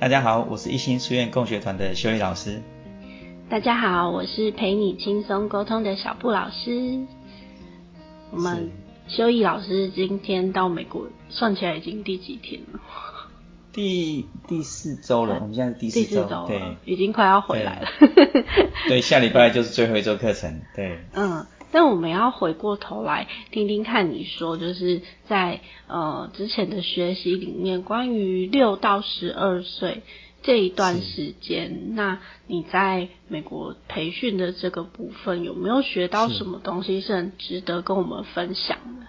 大家好，我是一心書院共學團的修一老師。大家好，我是陪你輕鬆溝通的小布老師。我們修一老師今天到美國，算起來已經第幾天了？第第四週了，嗯，我們現在第四週，對，已經快要回來了。對了，對，下禮拜就是最後一週課程。對，嗯。但我們要回過頭來聽聽看，你說就是在呃之前的學習裡面，關於六到十二歲這一段時間，那你在美國培訓的這個部分有沒有學到什麼東西是很值得跟我們分享的？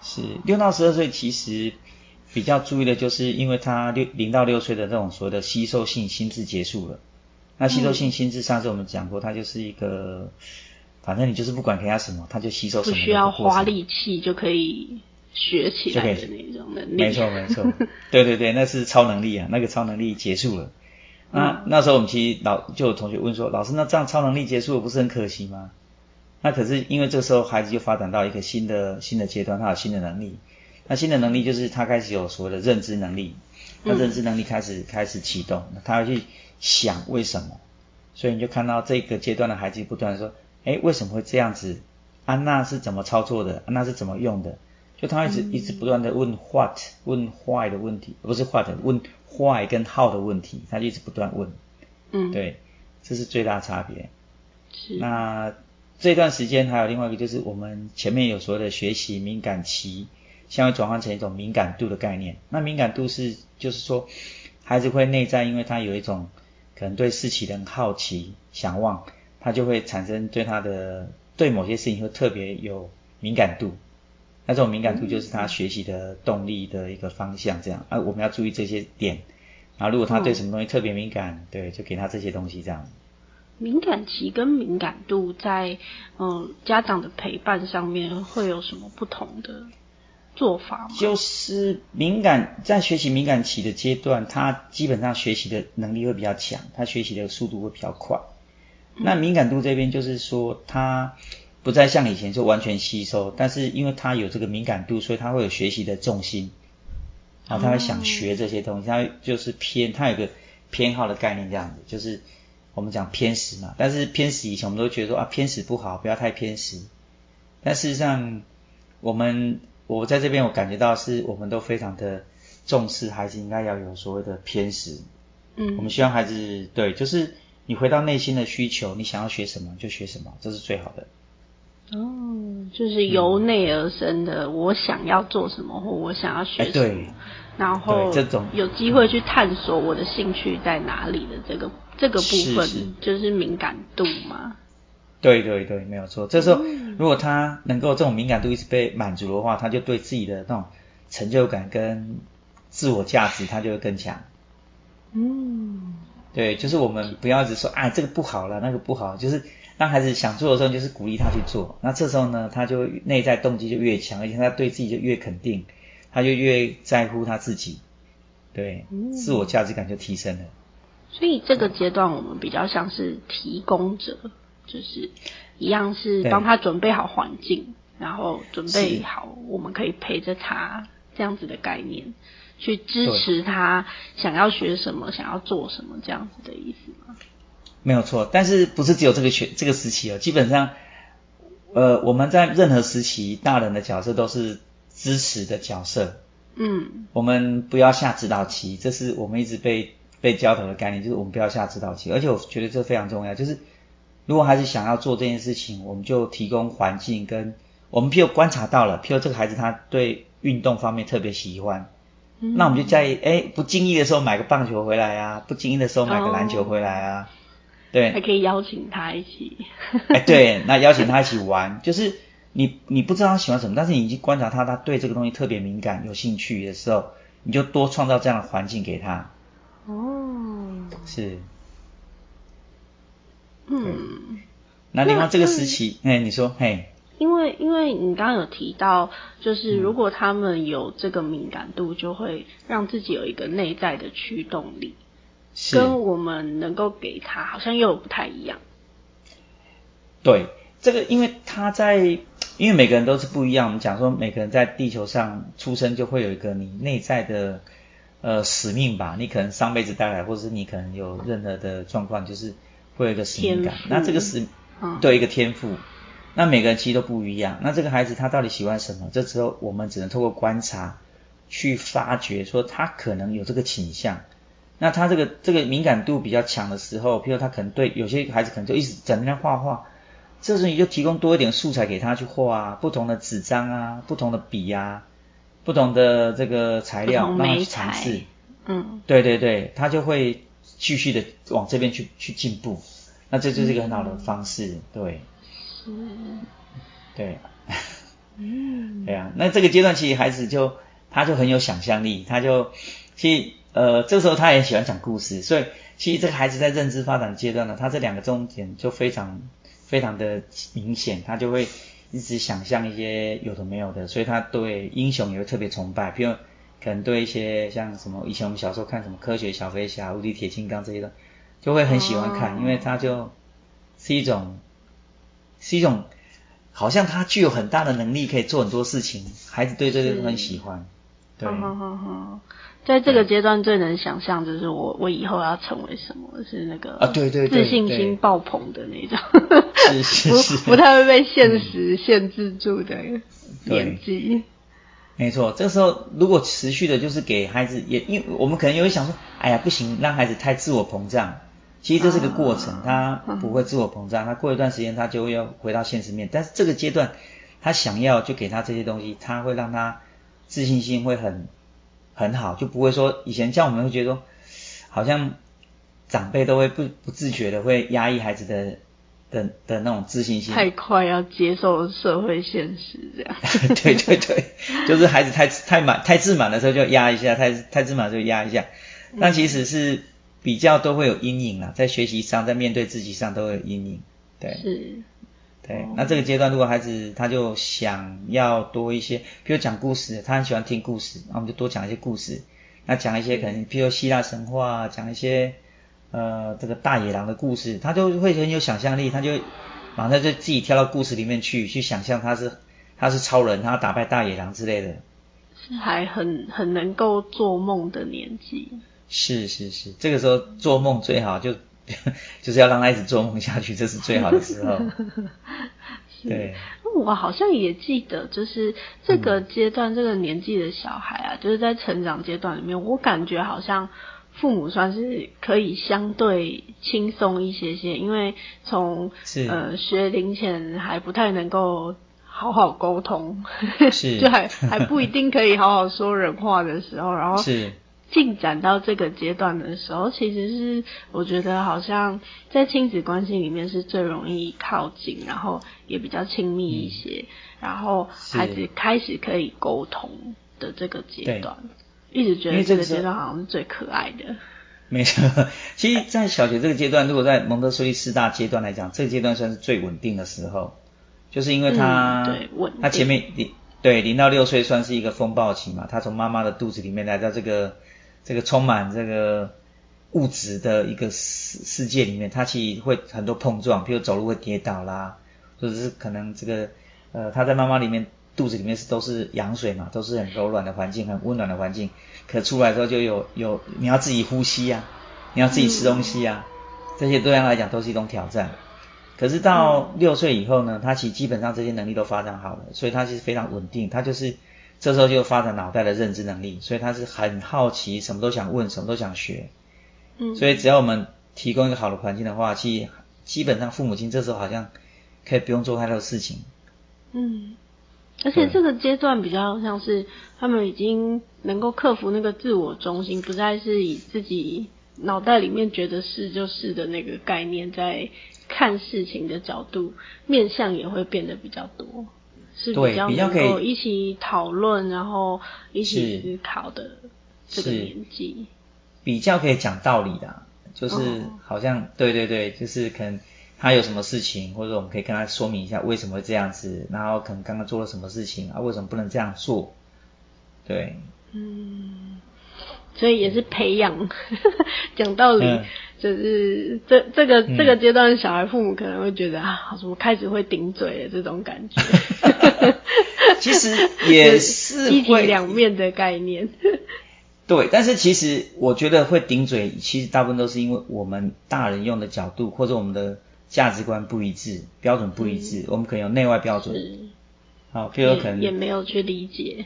是六到十二歲其實比較注意的就是，因為他六零到六歲的這種所謂的吸收性心智結束了。那吸收性心智上次我們講過、嗯，它就是一個。反正你就是不管給他什麼，他就吸收什麼不，不需要花力氣就可以學起來的那種能力。沒錯沒錯， 對對對，那是超能力啊！那個超能力結束了。那那時候我們其實老就有同學問說：“老師，那這樣超能力結束了不是很可惜嗎？”那可是因為這時候孩子就發展到一個新的新的階段，他有新的能力。那新的能力就是他開始有所謂的認知能力，他認知能力開始、嗯、開始啟動，他要去想為什麼。所以你就看到這個階段的孩子不斷說。哎，為什麼會這樣子？安娜是怎麼操作的？安娜是怎麼用的？就她一直、嗯、一直不斷的問 “what”、問 “why” 的問題，而不是 “what” 問 “why” 跟 “how” 的問題，她就一直不斷問。嗯，對，這是最大差別。那這段時間還有另外一個，就是我們前面有說的學習敏感期，現在轉換成一種敏感度的概念。那敏感度是就是說，孩子會內在，因為他有一種可能對事情的很好奇、想望，他就會產生對他的對某些事情會特別有敏感度，那這種敏感度就是他學習的動力的一個方向。這樣、嗯、啊，我們要注意這些點。然後如果他對什麼東西特別敏感、嗯，對，就給他這些東西這樣。敏感期跟敏感度在嗯、呃、家長的陪伴上面會有什麼不同的做法嗎？就是敏感在學習敏感期的階段，他基本上學習的能力會比較強，他學習的速度會比較快。那敏感度這邊就是說，他不再像以前就完全吸收，但是因為他有這個敏感度，所以他會有學習的重心，啊，他會想學這些東西，他、嗯、就是偏，他有一個偏好的概念這樣子，就是我們講偏食嘛。但是偏食以前我們都覺得說啊，偏食不好，不要太偏食。但事實上，我們我在這邊我感覺到是，我們都非常的重視孩子應該要有所謂的偏食，嗯，我們希望孩子對就是。你回到內心的需求，你想要學什麼就學什麼，這是最好的。哦、嗯，就是由內而生的，我想要做什麼或我想要學什麼，欸，對，然後這種有機會去探索我的興趣在哪裡的這個這，這個部分，就是敏感度嘛。對對對，沒有錯。這時候、嗯、如果他能夠這種敏感度一直被滿足的話，他就對自己的那種成就感跟自我價值，他就會更強。嗯。對，就是我們不要一直說，哎，這個不好了，那個不好，就是當孩子想做的時候，就是鼓勵他去做。那這時候呢，他就內在動機就越強，而且他對自己就越肯定，他就越在乎他自己，對，嗯、自我價值感就提升了。所以這個階段我們比較像是提供者，嗯、就是一樣是幫他準備好環境，然後準備好我們可以陪着他這樣子的概念。去支持他想要學什麼，想要做什麼，這樣子的意思嗎？沒有錯，但是不是只有這個學這個時期哦？基本上，呃，我們在任何時期，大人的角色都是支持的角色。嗯，我們不要下指導棋，這是我們一直被被教導的概念，就是我們不要下指導棋。而且我覺得這非常重要，就是如果還是想要做這件事情，我們就提供環境跟我們譬如觀察到了，譬如這個孩子他對運動方面特別喜歡。那我們就建議，哎、欸，不經意的時候買個棒球回來呀、啊，不經意的時候買個籃球回來啊，oh, 對，還可以邀請他一起。哎、 欸，對，那邀請他一起玩，就是你你不知道他喜歡什麼，但是你已經觀察他，他對這個東西特別敏感、有興趣的時候，你就多創造這樣的環境給他。哦、oh,，是，hmm, 嗯，那另外這個時期，哎、嗯嗯，你說，哎。因為，因為你剛剛有提到，就是如果他們有這個敏感度，嗯、就會讓自己有一個內在的驅動力，跟我們能夠給他好像又不太一樣。對，這個，因為他在，因為每個人都是不一樣。我們講說，每個人在地球上出生就會有一個你內在的呃使命吧？你可能上輩子帶來，或者是你可能有任何的狀況，就是會有一個使命感。那這個是、啊，對一個天賦。那每個人其實都不一樣。那這個孩子他到底喜歡什麼？這時候我們只能透過觀察去發掘，說他可能有這個傾向。那他這個這個敏感度比較強的時候，譬如他可能對有些孩子可能就一直整天畫畫，這時候你就提供多一點素材給他去畫啊，不同的紙張啊，不同的筆啊，不同的這個材料，讓他去嘗試。嗯，對對對，他就會繼續的往這邊去去進步。那這就是一個很好的方式，嗯、對。嗯，對，嗯， 對啊，那這個階段其實孩子就，他就很有想象力，他就其實呃，這個時候他也喜歡講故事，所以其實這個孩子在認知發展階段呢，他這兩個重點就非常非常的明顯，他就會一直想象一些有的沒有的，所以他對英雄也會特別崇拜，比如可能對一些像什麼以前我們小時候看什麼科學小飛俠、無敵鐵金剛這些的，就會很喜歡看，哦，因為他就是一種。是一種，好像他具有很大的能力，可以做很多事情。孩子對這些東西喜歡，對。好好好，在這個階段最能想象，就是我我以後要成為什麼，是那個啊，對對自信心爆棚的那種，不太會被現實限制住的年紀、嗯。沒錯，這個時候如果持續的，就是給孩子也，因為我們可能也會想說，哎呀，不行，讓孩子太自我膨脹。其實這是一個過程、啊，他不會自我膨脹、啊，他過一段時間他就會要回到現實面。但是這個階段，他想要就給他這些東西，他會讓他自信心會很很好，就不會說以前像我們會覺得說，好像長輩都會不不自覺的會壓抑孩子的的的那種自信心。太快要接受社會現實這樣。 對對對，就是孩子太太滿太自滿的時候就壓一下，太太自滿就壓一下、嗯。但其實是。比較都會有陰影啦，在學習上，在面對自己上都有陰影。對，是，對。那這個階段，如果孩子他就想要多一些，比如講故事，他很喜歡聽故事，那我們就多講一些故事。那講一些可能，比如希臘神話，講一些呃這個大野狼的故事，他就會很有想象力，他就馬上就自己跳到故事裡面去，去想象他是他是超人，他要打敗大野狼之類的。是還很很能夠做夢的年紀。是是是，是，這個時候做夢最好就，就就是要讓他一直做夢下去，這是最好的時候。 是對。我好像也記得，就是這個階段、嗯、這個年紀的小孩啊，就是在成長階段裡面，我感覺好像父母算是可以相對輕鬆一些些，因為從呃學齡前還不太能夠好好溝通，是 就還還不一定可以好好說人話的時候， 然後。是。進展到這個階段的時候，其實是我覺得好像在親子關係裡面是最容易靠近，然後也比較親密一些，嗯、然後孩子開始可以溝通的這個階段，一直覺得這個階段好像是最可愛的。沒錯，其實，在小學這個階段，如果在蒙特梭利四大階段來講，這個階段算是最穩定的時候，就是因為他對他、嗯、前面零對零到六歲算是一個風暴期嘛，他從媽媽的肚子裡面來到這個。這個充滿這個物質的一個世世界裡面，他其實會很多碰撞，譬如走路會跌倒啦，或者是可能這個，呃，他在媽媽裡面，肚子裡面是都是羊水嘛，都是很柔軟的環境，很溫暖的環境，可出來之後就有有，你要自己呼吸呀、啊，你要自己吃東西啊，這些對他來講都是一種挑戰。可是到六歲以後呢，他其實基本上這些能力都發展好了，所以他其實非常穩定，他就是。這時候就發展腦袋的認知能力，所以他是很好奇，什麼都想問，什麼都想學。嗯，所以只要我們提供一個好的環境的話，其實基本上父母親這時候好像可以不用做太多事情。嗯，而且這個階段比較像是他們已經能夠克服那個自我中心，不再是以自己腦袋裡面覺得是就是的那個概念在看事情的角度，面向也會變得比較多。是比較，對，比較可以一起討論，然後一起思考的這個年紀，比較可以講道理的，就是好像、哦、對對對，就是可能他有什麼事情，或者我們可以跟他說明一下為什麼會這樣子，然後可能剛剛做了什麼事情啊，為什麼不能這樣做？對，嗯，所以也是培養講 道理，嗯，就是這這個這個階段小孩，父母可能會覺得、嗯、啊，怎麼開始會頂嘴的這種感覺。 其實也是，一體兩面的概念。對，但是其實我覺得會頂嘴，其實大部分都是因為我們大人用的角度或者我們的價值觀不一致，標準不一致。嗯、我們可能有內外標準。好，譬如可能也，也沒有去理解。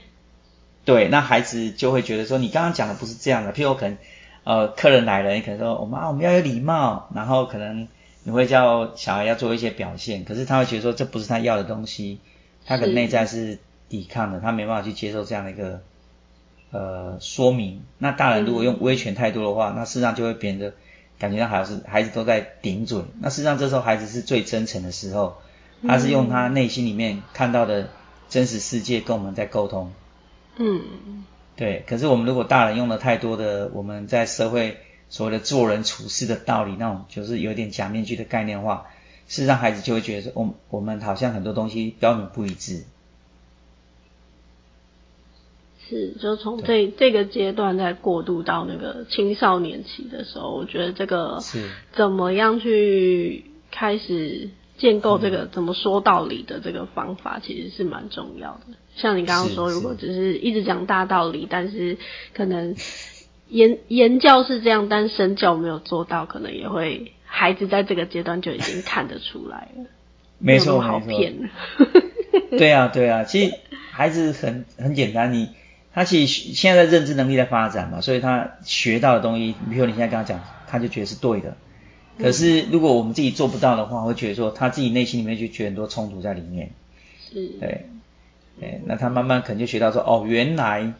對，那孩子就會覺得說，你剛剛講的不是這樣的。譬如我可能呃，客人來了，你可能說，我們啊，我們要有禮貌。然後可能你會叫小孩要做一些表現，可是他會覺得說，這不是他要的東西。他的內在是抵抗的，他沒辦法去接受這樣的一個呃說明。那大人如果用威權太多的話，嗯、那事實上就會變得感覺到孩子孩子都在頂嘴。那事實上這時候孩子是最真誠的時候，他是用他內心裡面看到的真實世界跟我們在溝通。嗯，對。可是我們如果大人用了太多的我們在社會所謂的做人處事的道理，那種就是有點假面具的概念化。是讓孩子就會覺得說，我我們好像很多東西標準不一致。是，就從這這個階段再過渡到那個青少年期的時候，我覺得這個是怎麼樣去開始建構這個怎麼說道理的這個方法，嗯，其實是蠻重要的。像你剛剛說，如果只是一直講大道理，但是可能言 言教是這樣，但身教沒有做到，可能也會。孩子在這個階段就已經看得出來了， 沒錯，沒錯。 對啊，對啊。其實孩子很很簡單，你他其實現在的認知能力在發展嘛，所以他學到的東西，比如你現在跟他講，他就覺得是對的。可是如果我們自己做不到的話，嗯、會覺得說他自己內心裡面就覺得很多衝突在裡面。是，對，對。那他慢慢可能就學到說，哦，原來。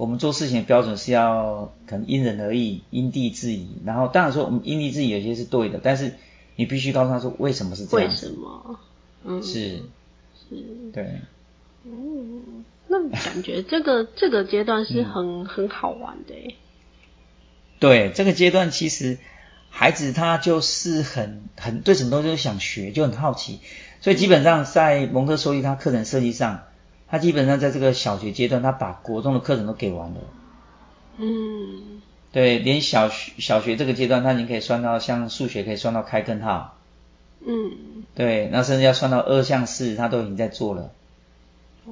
我們做事情的標準是要可能因人而異、因地制宜，然後當然說，我們因地制宜有些是對的，但是你必須告訴他說為什麼是這樣。為什麼？嗯。是。是。對。嗯。那感覺這個這個階段是很、 嗯、很好玩的。對，這個階段其實孩子他就是很很對什麼都是想學，就很好奇。所以基本上在蒙特梭利他課程設計上。嗯他基本上在這個小學階段，他把國中的課程都給完了。嗯，對，連小學小學這個階段，他已經可以算到像數學可以算到開根號。嗯，對，那甚至要算到二項式，他都已經在做了。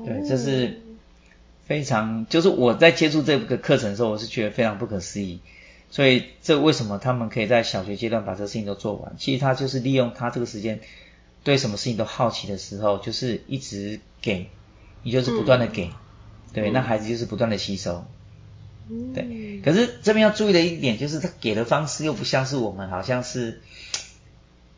對，這是非常，就是我在接觸這個課程的時候，我是覺得非常不可思議。所以，這為什麼他們可以在小學階段把這事情都做完？其實他就是利用他這個時間，對什麼事情都好奇的時候，就是一直給。你就是不斷的給，嗯、對、嗯，那孩子就是不斷的吸收、嗯，對。可是這邊要注意的一點就是，他給的方式又不像是我們，好像是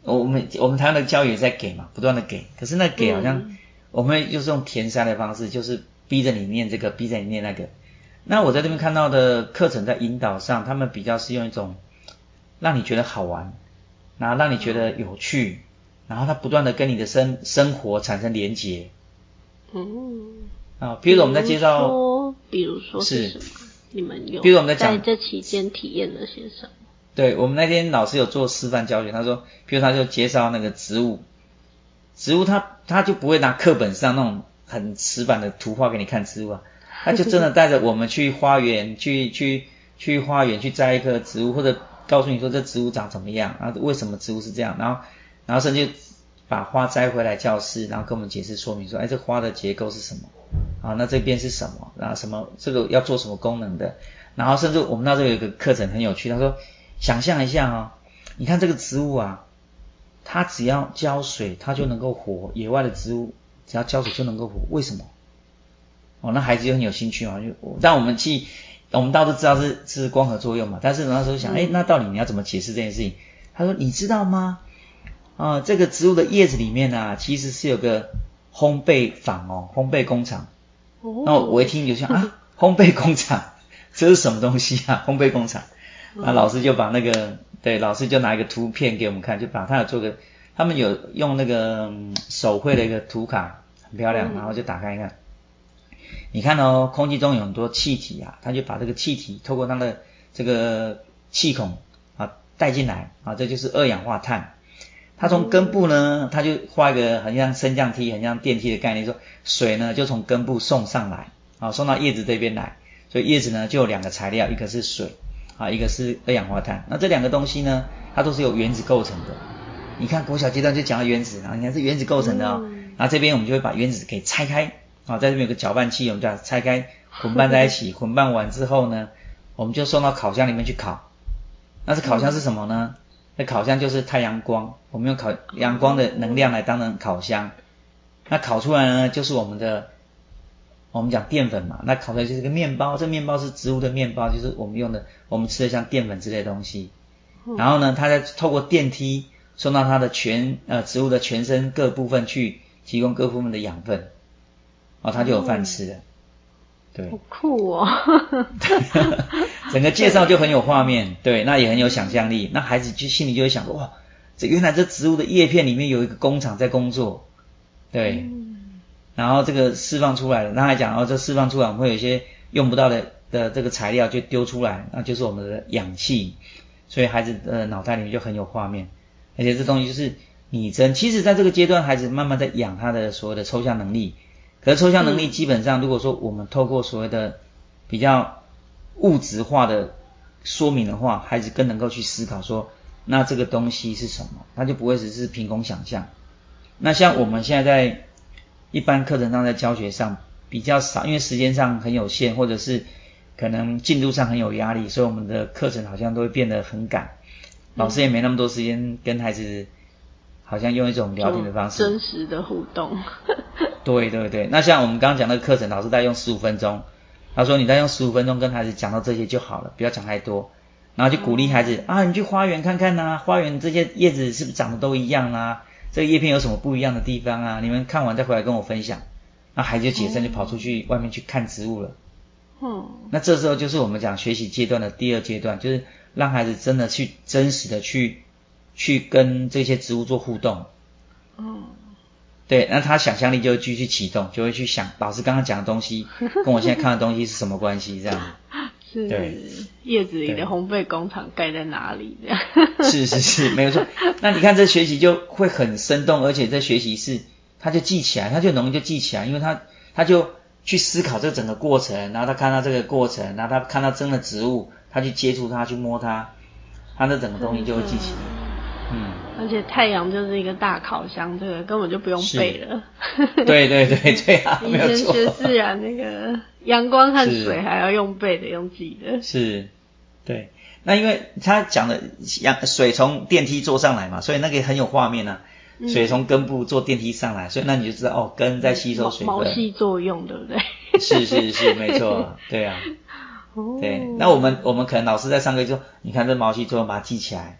我、嗯，我們我們台灣的教育也在給嘛，不斷的給。可是那給好像、嗯、我們就是用填塞的方式，就是逼着你念這個，逼着你念那個。那我在這邊看到的課程在引導上，他們比較是用一種讓你覺得好玩，然後讓你覺得有趣，嗯、然後他不斷的跟你的生生活產生連結。哦、嗯，啊，比如說我們在介紹，比如說是，是你們有，比如我們在這期間體驗了些什麼？對，我們那天老師有做示範教學，他說，比如他就介紹那個植物，植物他他就不會拿課本上那種很死板的圖畫給你看植物，啊，他就真的帶着我們去花園 去去去花園去摘一棵植物，或者告訴你說這植物長怎麼樣啊，為什麼植物是這樣，然後然後甚至。把花摘回來教室，然後跟我們解釋說明說，哎，這花的結構是什麼？啊，那這邊是什麼？啊，什麼這個要做什麼功能的？然後甚至我們那時候有個課程很有趣，他說，想象一下啊、哦，你看這個植物啊，它只要澆水它就能夠活，野外的植物只要澆水就能夠活，為什麼？哦，那孩子就很有興趣嘛，就讓我們去，我們當時知道是是光合作用嘛，但是那時候想，哎、嗯，那到底你要怎麼解釋這件事情？他說，你知道嗎？啊、嗯，這個植物的葉子裡面呢、啊，其實是有個烘焙坊哦，烘焙工廠。那、oh. 我一聽就像啊， 烘焙工廠這是什麼東西啊？烘焙工廠。那、oh. 老師就把那個對，老師就拿一個圖片給我們看，就把他有做個，他們有用那個手繪的一個圖卡，mm. 很漂亮。然後就打開一看，mm. 你看哦，空氣中有很多氣體啊，他就把這個氣體透過那個這個氣孔啊帶進來啊，這就是二氧化碳。它從根部呢，它就畫一個很像升降梯，很像電梯的概念，說水呢就從根部送上來，啊、哦，送到葉子這邊來。所以葉子呢就有兩個材料，一個是水，啊、哦，一個是二氧化碳。那這兩個東西呢，它都是由原子構成的。你看國小階段就講到原子，然後你看是原子構成的哦、嗯、然後這邊我們就會把原子給拆開，啊、哦，在這邊有個攪拌器，我們就把它拆開混拌在一起，嗯，混拌完之後呢，我們就送到烤箱裡面去烤。那這烤箱是什麼呢？嗯烤箱就是太陽光，我們用烤陽光的能量來當成烤箱。那烤出來呢，就是我們的，我們講澱粉嘛。那烤出來就是個麵包，這麵包是植物的麵包，就是我們用的，我們吃的像澱粉之類的東西。然後呢，它再透過電梯送到它的全呃植物的全身各部分去提供各部分的養分，哦，它就有飯吃了。對。好酷哦。 整個介紹就很有畫面，對，那也很有想象力。那孩子就心裡就會想說，哇，這原來這植物的葉片裡面有一個工廠在工作，對，然後這個釋放出來了。然後還講哦，這釋放出來我們會有一些用不到的的這個材料就丟出來，那就是我們的氧氣。所以孩子的腦袋裡面就很有畫面，而且這東西就是擬真。其實在這個階段，孩子慢慢在養他的所有的抽象能力。可是抽象能力基本上，嗯、如果說我們透過所謂的比較。物質化的說明的話，孩子更能夠去思考說，那這個東西是什麼，他就不會只是憑空想象。那像我們現在在一般課程上，在教學上比較少，因為時間上很有限，或者是可能進度上很有壓力，所以我們的課程好像都會變得很趕，嗯，老師也沒那麼多時間跟孩子，好像用一種聊天的方式，真實的互動。 對對對，那像我們剛剛講的課程，老師大概用十五分鐘。他說：“你再用十五分鐘跟孩子講到這些就好了，不要講太多。然後就鼓勵孩子、嗯、啊，你去花園看看吶、啊，花園這些葉子是不是長得都一樣啊？這個葉片有什麼不一樣的地方啊？你們看完再回來跟我分享。”那孩子就起身就跑出去外面去看植物了。嗯、那這時候就是我們講學習階段的第二階段，就是讓孩子真的去真實的去去跟這些植物做互動。嗯。對，那他想象力就繼續啟動，就會去想老師剛剛講的東西跟我現在看的東西是什麼關係？ 這樣子。是。對。葉子裡的烘焙工廠蓋在哪裡？這樣。 是是是，沒有錯。那你看這學習就會很生動，而且這學習是他就記起來，他就容易就記起來，因為他他就去思考這整個過程，然後他看到這個過程，然後他看到真的植物，他去接觸它，去摸它，他那整個東西就會記起來。嗯，而且太陽就是一個大烤箱，這個根本就不用背了。對對對對啊，沒有錯。以前學自然那個陽光和水還要用背的，用記的。是，對。那因為他講的水從電梯坐上來嘛，所以那個也很有畫面啊。嗯、水從根部坐電梯上來，所以那你就知道哦，根在吸收水。毛細作用，對不對？ 是是是，沒錯，對啊。對，哦、對那我們我們可能老師在上課就說，你看這毛細作用，把它記起來。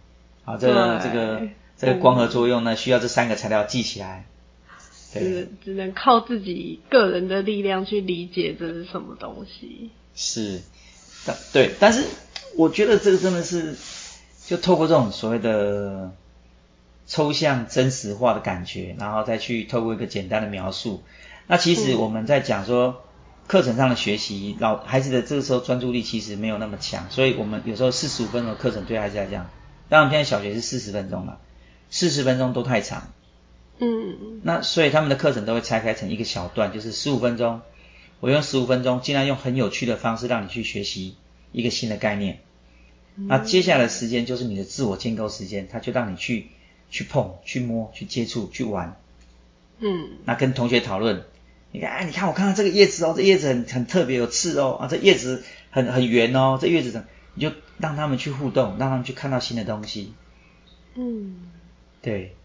啊、這個，這這個這個光合作用呢、嗯，需要這三個材料記起來。對，只只能靠自己個人的力量去理解這是什麼東西。是，但對，但是我覺得這個真的是，就透過這種所謂的抽象真實化的感覺，然後再去透過一個簡單的描述。那其實我們在講說、嗯、課程上的學習，老孩子的這個時候專注力其實沒有那麼強，所以我們有時候四十五分鐘的課程對孩子來講。但我們現在小學是四十分鐘嘛，四十分鐘都太長，嗯，那所以他們的課程都會拆開成一個小段，就是十五分鐘，我用十五分鐘盡量用很有趣的方式讓你去學習一個新的概念，嗯、那接下來的時間就是你的自我建構時間，他就讓你去去碰、去摸、去接觸、去玩，嗯，那跟同學討論，你看，哎，你看我看到這個葉子哦，這葉子很很特別有刺哦，啊，這葉子很很圓哦，這葉子怎，你就。讓他們去互動，讓他們去看到新的東西。嗯，對。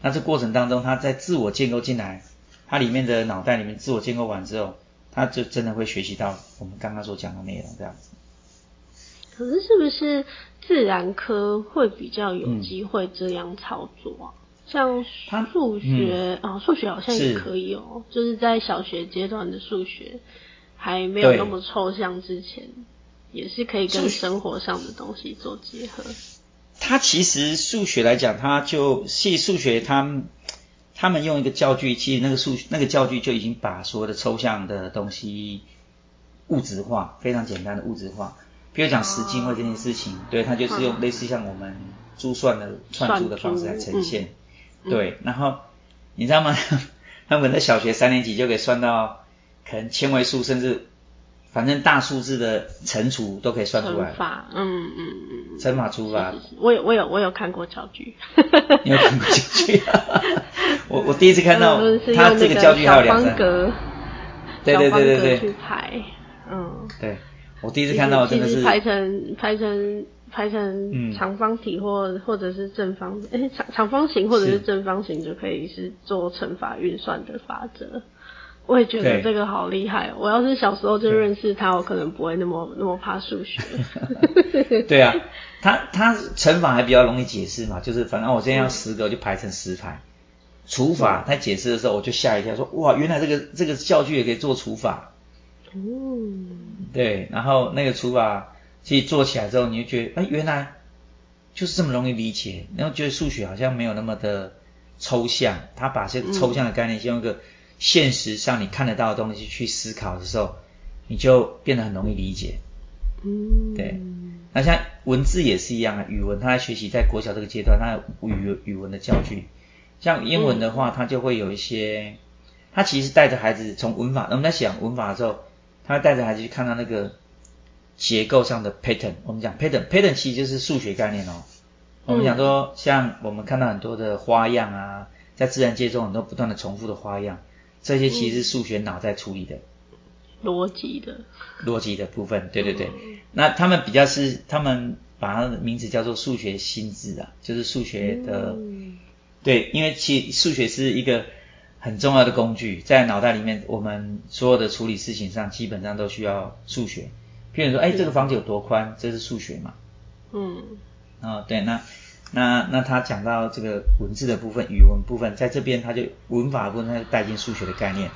那這過程當中，他在自我建構進來，他裡面的腦袋裡面自我建構完之後，他就真的會學習到我們剛剛所講的內容，這樣子。可是是不是自然科會比較有機會這樣操作啊？嗯、像數學啊，數、嗯哦、數學好像也可以哦。是。就是在小學階段的數學還沒有那麼抽象之前。也是可以跟生活上的東西做結合。他其實數學來講，他就是數學他們，他他們用一個教具，其實那個數那個教具就已經把所有的抽象的東西物質化，非常簡單的物質化。比如講十進位這件事情，哦、對，他就是用類似像我們珠算的串珠的方式來呈現。嗯嗯、對，然後你知道嗎？ 他們的小學三年級就可以算到可能千位數，甚至。反正大數字的乘除都可以算出來。乘法，嗯嗯嗯。乘法除法。我有我有我有看過教具。 你有看過教具？ 我我第一次看到他這，嗯，就是用那個小方格。方格對對對對對。去排，嗯。對。我第一次看到真的是排成排成排成長方體，或，或者是正方誒、嗯欸、長,長方形或者是正方形就可以是做乘法運算的法則。我也覺得這個好厲害、哦。我要是小時候就認識他，我可能不會那麼那麼怕數學。 對啊，他他乘法還比較容易解釋嘛，就是反正我今天要十個我就排成十排。除、嗯、法他解釋的時候，我就嚇一跳說，說、嗯、哇，原來這個這個教具也可以做除法。哦、嗯。對，然後那個除法其實做起來之後，你就覺得哎，原來就是這麼容易理解、嗯，然後覺得數學好像沒有那麼的抽象。他把這些抽象的概念先用個。嗯現實上你看得到的東西去思考的時候，你就變得很容易理解。嗯，對。那像文字也是一樣啊，語文他在學習在國小這個階段，他有語語文的教具。像英文的話，他就會有一些，嗯、他其實帶着孩子從文法，我們在想文法的時候，他帶着孩子去看到那個結構上的 pattern。我們講 pattern，pattern、嗯、其實就是數學概念哦。我們講說，像我們看到很多的花樣啊，在自然界中很多不斷的重複的花樣。這些其實是數學腦袋在處理的，邏、嗯、輯的，邏輯的部分，對對對、嗯。那他們比較是，他們把他的名字叫做數學心智啊，就是數學的、嗯，對，因為其實數學是一個很重要的工具，在腦袋裡面，我們所有的處理事情上，基本上都需要數學。譬如說，誒、欸、這個房子有多寬、嗯，這是數學嘛？嗯，啊、哦，對，那。那那他講到這個文字的部分、語文部分，在這邊他就文法的部分他就帶進數學的概念。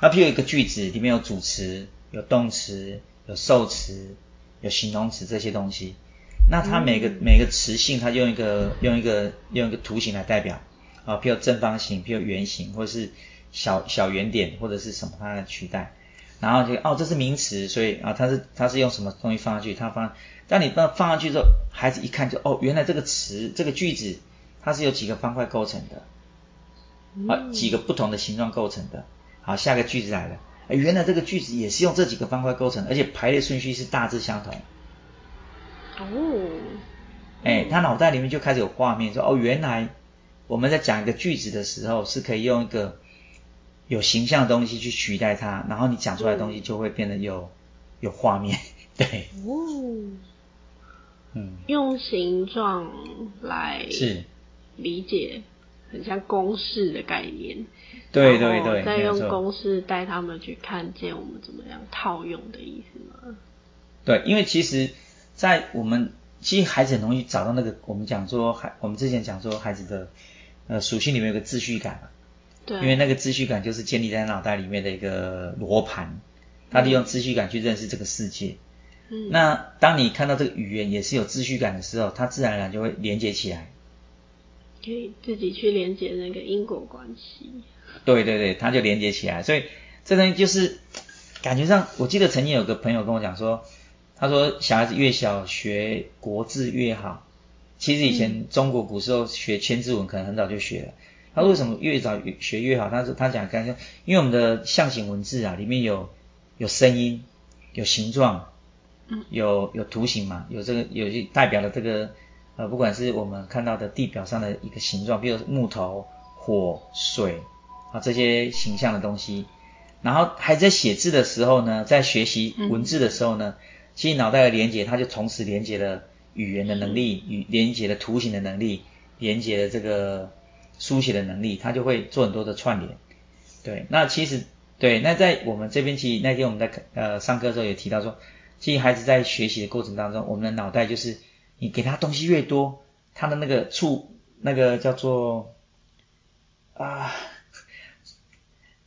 那譬如一個句子裡面有主詞、有動詞、有受詞、有形容詞，這些東西，那他每個、嗯、每個詞性他用一個用一個用一個圖形來代表啊，譬如正方形、譬如圓形，或者是小小圓點或者是什麼他來取代。然後就哦，這是名詞，所以啊，它是它是用什麼東西放上去？它放，當你放上去之後，孩子一看就哦，原來這個詞這個句子它是由幾個方塊構成的，好，幾個不同的形狀構成的。好，下個句子來了，呃，原來這個句子也是用這幾個方塊構成的，而且排列順序是大致相同。哦，哎，嗯，他腦袋裡面就開始有畫面，說哦，原來我們在講一個句子的時候是可以用一個。有形象的東西去取代它，然後你講出來的東西就會變得有、嗯、有畫面。對，嗯，用形狀來是理解是，很像公式的概念。對對對，再用公式帶他們去看見我們怎麼樣套用的意思嗎？對，因為其實，在我們其實孩子很容易找到那個，我們講說孩我們之前講說孩子的呃屬性裡面有個秩序感嘛。對，因為那個秩序感就是建立在腦袋裡面的一個羅盤，他、嗯、利用秩序感去認識這個世界。嗯，那當你看到這個語言也是有秩序感的時候，它自然而然就會連接起來。可以自己去連接那個因果關係。對對對，它就連接起來。所以這東、個、西就是感覺上，我記得曾經有個朋友跟我講說，他說小孩子越小學國字越好，其實以前中國古時候學千字文可能很早就學了。嗯他為什麼越早學越好？他說他講剛，因為我們的象形文字啊，裡面有有聲音、有形狀、有有圖形嘛，有這個，有些代表了這個呃，不管是我們看到的地表上的一個形狀，比如木頭、火、水啊這些形象的東西。然後還在寫字的時候呢，在學習文字的時候呢，嗯，其實腦袋的連接，它就同時連接了語言的能力與連接了圖形的能力，連接了這個。書寫的能力，他就會做很多的串聯。對，那其實對，那在我們這邊，其實那天我們在呃上課的時候也提到說，其實孩子在學習的過程當中，我們的腦袋就是你給他東西越多，他的那個觸那個叫做啊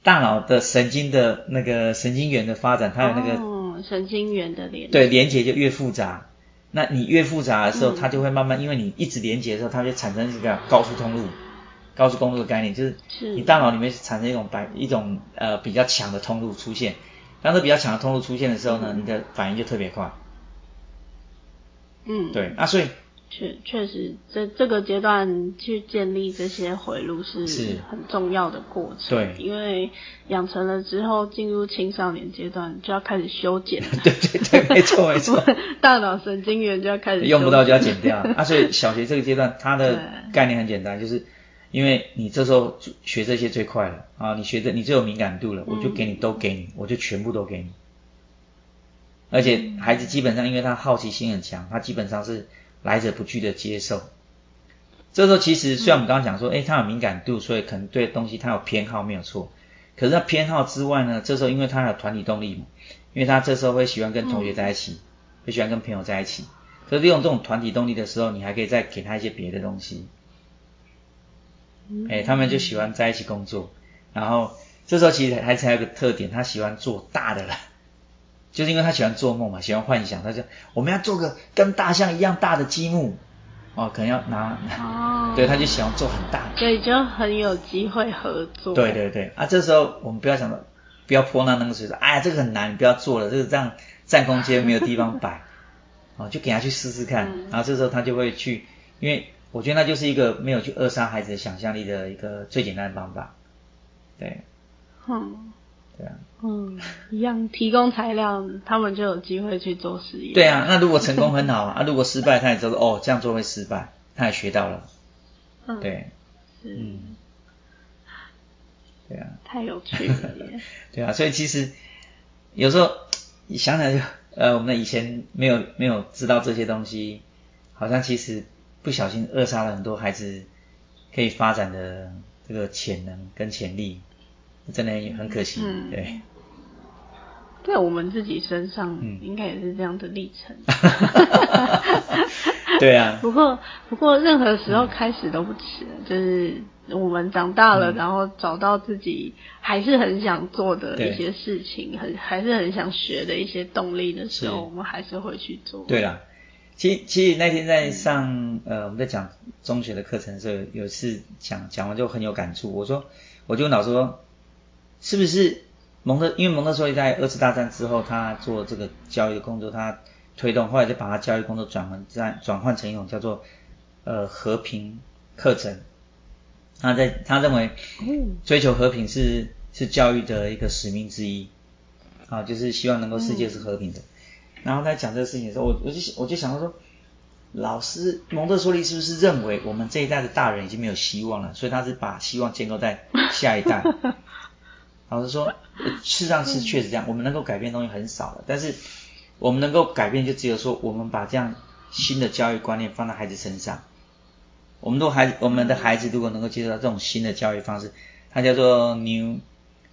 大腦的神經的那個神經元的發展，他、哦、有那個神經元的連，對連接就越複雜。那你越複雜的時候，嗯、它就會慢慢因為你一直連接的時候，它就產生一個高速通路。高速公路的概念就是，你大腦裡面產生一種白一種呃比較強的通路出現，當這比較強的通路出現的時候呢，嗯、你的反應就特別快。嗯，對，啊、所以確確實，這這個階段去建立這些回路是很重要的過程。對，因為養成了之後，進入青少年階段就要開始修剪了。對對對，沒錯沒錯。沒錯 大腦神經元就要開始修剪。用不到就要剪掉。 啊，所以小學這個階段，它的概念很簡單，就是。因為你這時候學這些最快了啊，你學的，你最有敏感度了，我就給你都給你，我就全部都給你。而且孩子基本上因為他好奇心很強，他基本上是來者不拒的接受。這時候其實雖然我們剛剛講說，哎，他有敏感度，所以可能對東西他有偏好沒有錯。可是他偏好之外呢，這時候因為他有團體動力嘛，因為他這時候會喜歡跟同學在一起，嗯、會喜歡跟朋友在一起，可是利用這種團體動力的時候，你還可以再給他一些別的東西。哎、欸，他們就喜歡在一起工作。然後這時候其實還還有個特點，他喜歡做大的了，就是因為他喜歡做夢嘛，喜歡幻想。他說：“我們要做個跟大象一樣大的積木哦，可能要拿……哦， 對，他就喜歡做很大的。對”所以就很有機會合作。對對對，啊，這時候我們不要想到，不要潑那個水說：“哎呀，這個很難，你不要做了，這個這樣佔空間，沒有地方擺。 ”哦，就給他去試試看、嗯。然後這時候他就會去，因為。我覺得那就是一個沒有去扼殺孩子的想象力的一個最簡單的方法，對。嗯。對啊。嗯，一樣提供材料，他們就有機會去做實驗。對啊，那如果成功很好啊， 啊如果失敗，他也知道哦，這樣做會失敗，他也學到了。嗯。對。是。嗯、對啊。太有趣了耶。 對啊，所以其實有時候想想就呃，我們以前沒有沒有知道這些東西，好像其實。不小心扼殺了很多孩子可以發展的這個潛能跟潛力，真的很可惜。嗯、對，在我們自己身上，應該也是這樣的歷程。嗯、 對啊。不過，不過，任何時候開始都不遲、嗯。就是我們長大了、嗯，然後找到自己還是很想做的一些事情，很還是很想學的一些動力的時候，我們還是會去做。對啊。其實其實那天在上呃，我們在講中學的課程的時候，有一次講講完就很有感觸。我說我就問老師說，是不是蒙特，因為蒙特梭利在二次大戰之後，他做這個教育工作，他推動後來就把他教育工作轉換轉轉換成一種叫做呃、和平課程。他在他認為追求和平是是教育的一個使命之一啊，就是希望能夠世界是和平的。嗯然後在講這個事情的時候，我我就我就想到說，說，老師蒙特梭利是不是認為我們這一代的大人已經沒有希望了？所以他是把希望建構在下一代。 老師說，事實上是確實這樣，我們能夠改變的東西很少了，但是我們能夠改變就只有說，我們把這樣新的教育觀念放在孩子身上。我們都還，我們的孩子如果能夠接受到這種新的教育方式，它叫做 new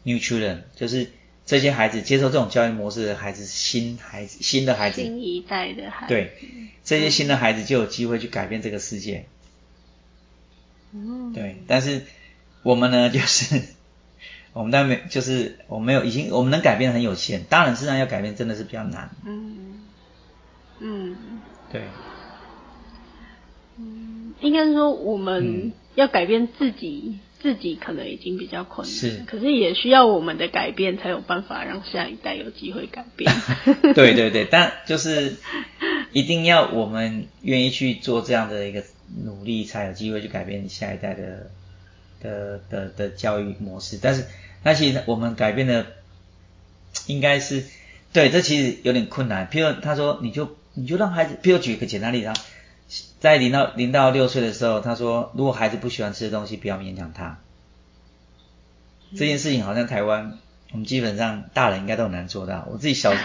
new children，就是。這些孩子接受這種教育模式的孩子，新孩子、新的孩子，新一代的孩子，對，這些新的孩子就有機會去改變這個世界。嗯，對，但是我們呢，就是我們當然就是我們沒有已經，我們能改變很有限。當然，事實上要改變真的是比較難。嗯，嗯，對，嗯，應該是說我們要改變自己。嗯自己可能已經比較困難，是，可是也需要我們的改變才有辦法讓下一代有機會改變。 對對對，但就是一定要我們願意去做這樣的一個努力，才有機會去改變下一代的的的的的教育模式。但是，那其實我們改變的應該是，對，這其實有點困難。譬如他說，你就你就讓孩子，譬如舉一個簡單例子啊。在零到零到六歲的時候，他說，如果孩子不喜歡吃的東西，不要勉強他。這件事情好像台灣，我們基本上大人應該都很難做到，我自己小。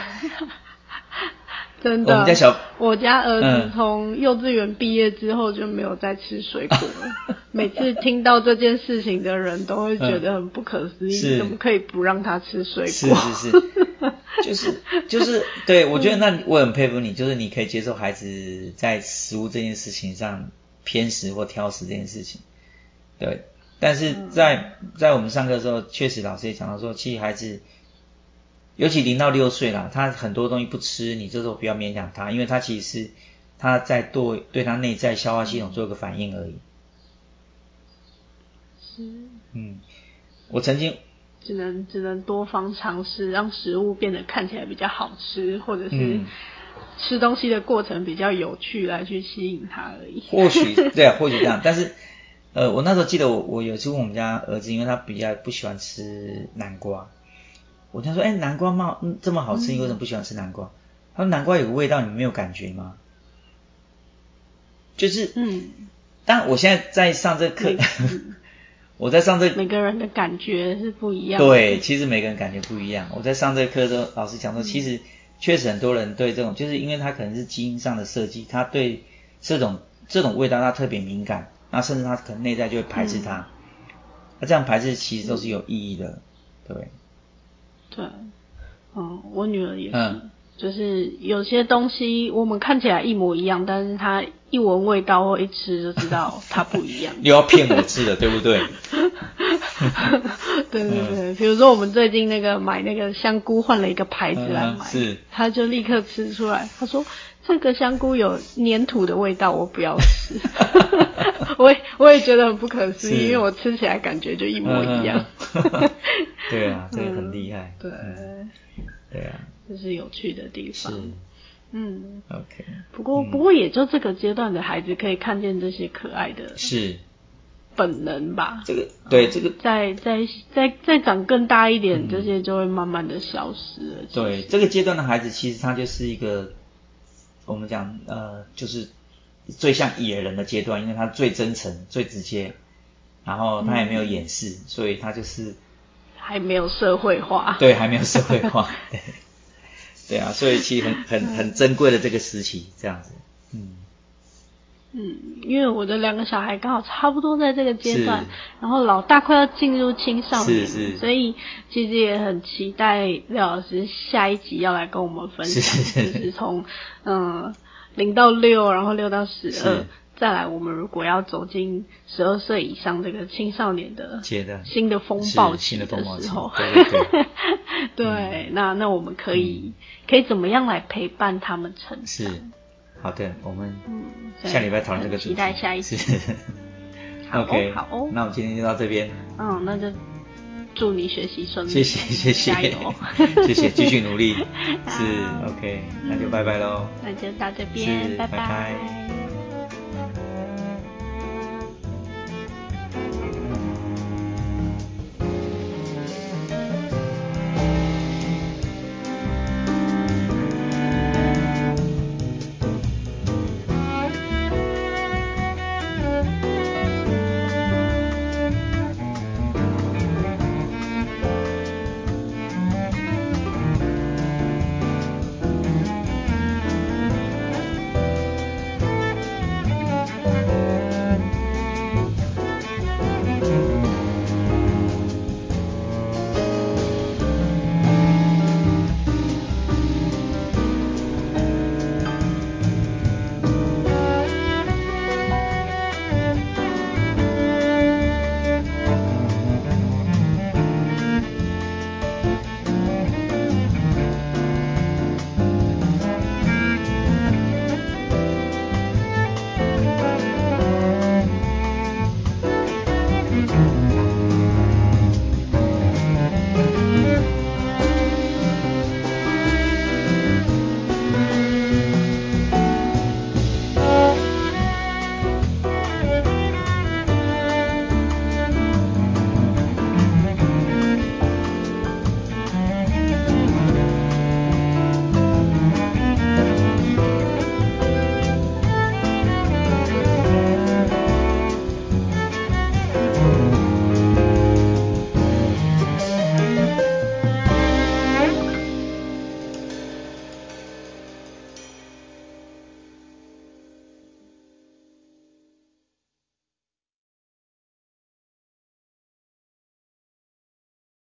真的，我家小，我家兒子從幼稚園畢業之後就沒有再吃水果了、嗯。每次聽到這件事情的人都會覺得很不可思議，嗯、怎麼可以不讓他吃水果？是是是、是，就是、 就是、就是，對，我覺得那我很佩服你，就是你可以接受孩子在食物這件事情上偏食或挑食這件事情。對，但是在、嗯、在我們上課的時候，確實老師也講到說，其實孩子。尤其零到六歲啦，他很多東西不吃，你這時候不要勉強他，因為他其實是他在對對他內在消化系統做一個反應而已。是，嗯，我曾經只能只能多方嘗試，讓食物變得看起來比較好吃，或者是、嗯、吃東西的過程比較有趣，來去吸引他而已。或許對啊，或許這樣， 但是呃，我那時候記得我我有一次問我們家兒子，因為他比較不喜歡吃南瓜。我就說，哎、欸，南瓜嘛嗯，這麼好吃，你為什麼不喜歡吃南瓜，嗯？他說，南瓜有個味道，你沒有感覺嗎？就是，嗯，但我現在在上這課，嗯、 我在上這，每個人的感覺是不一樣的。對，其實每個人感覺不一樣。我在上這課的時候，老師講說，嗯，其實確實很多人對這種，就是因為它可能是基因上的設計，他對這種這種味道他特別敏感，那甚至他可能內在就會排斥它。那、嗯啊、這樣排斥其實都是有意義的，對不對？對，嗯，我女兒也是、嗯，就是有些東西我們看起來一模一樣，但是她一聞味道或一吃就知道它不一樣。 又要騙我吃了， 對不對？ 對對對、嗯，比如說我們最近那個買那個香菇換了一個牌子來買，嗯啊、是，她就立刻吃出來，她說。這個香菇有粘土的味道，我不要吃。 我也我也覺得很不可思議，因為我吃起來感覺就一模一樣。 對啊，這個很厲害。嗯、對對啊，這是有趣的地方。是嗯，OK 不過嗯。不過不過，也就這個階段的孩子可以看見這些可愛的是，是本能吧？這個對這個再再再再長更大一點、嗯，這些就會慢慢的消失了。對這個階段的孩子，其實他就是一個。我們講呃，就是最像野人的階段，因為他最真誠、最直接，然後他也沒有掩飾、嗯，所以他就是還沒有社會化。對，還沒有社會化。 對，對啊，所以其實很很很珍貴的這個時期，這樣子，嗯。嗯，因為我的兩個小孩剛好差不多在這個階段，然後老大快要進入青少年了，所以其實也很期待廖老師下一集要來跟我們分享，是是就是從嗯零到六，然後六到十二，再來我們如果要走進十二歲以上這個青少年的新的風暴期的時候，對，對對 對嗯、那那我們可以、嗯、可以怎麼樣來陪伴他們成長？好的，我們下禮拜討論這個事。期待下一次。好、哦，okay, 好哦，那我們今天就到這邊。嗯，那就祝你學習順利。謝謝，謝謝， 謝謝，繼續努力。 是，OK，那就拜拜嘍。那就到這邊，拜拜。嗯